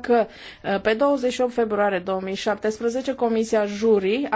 că uh, pe 28 februarie 2017 Comisia Jurii a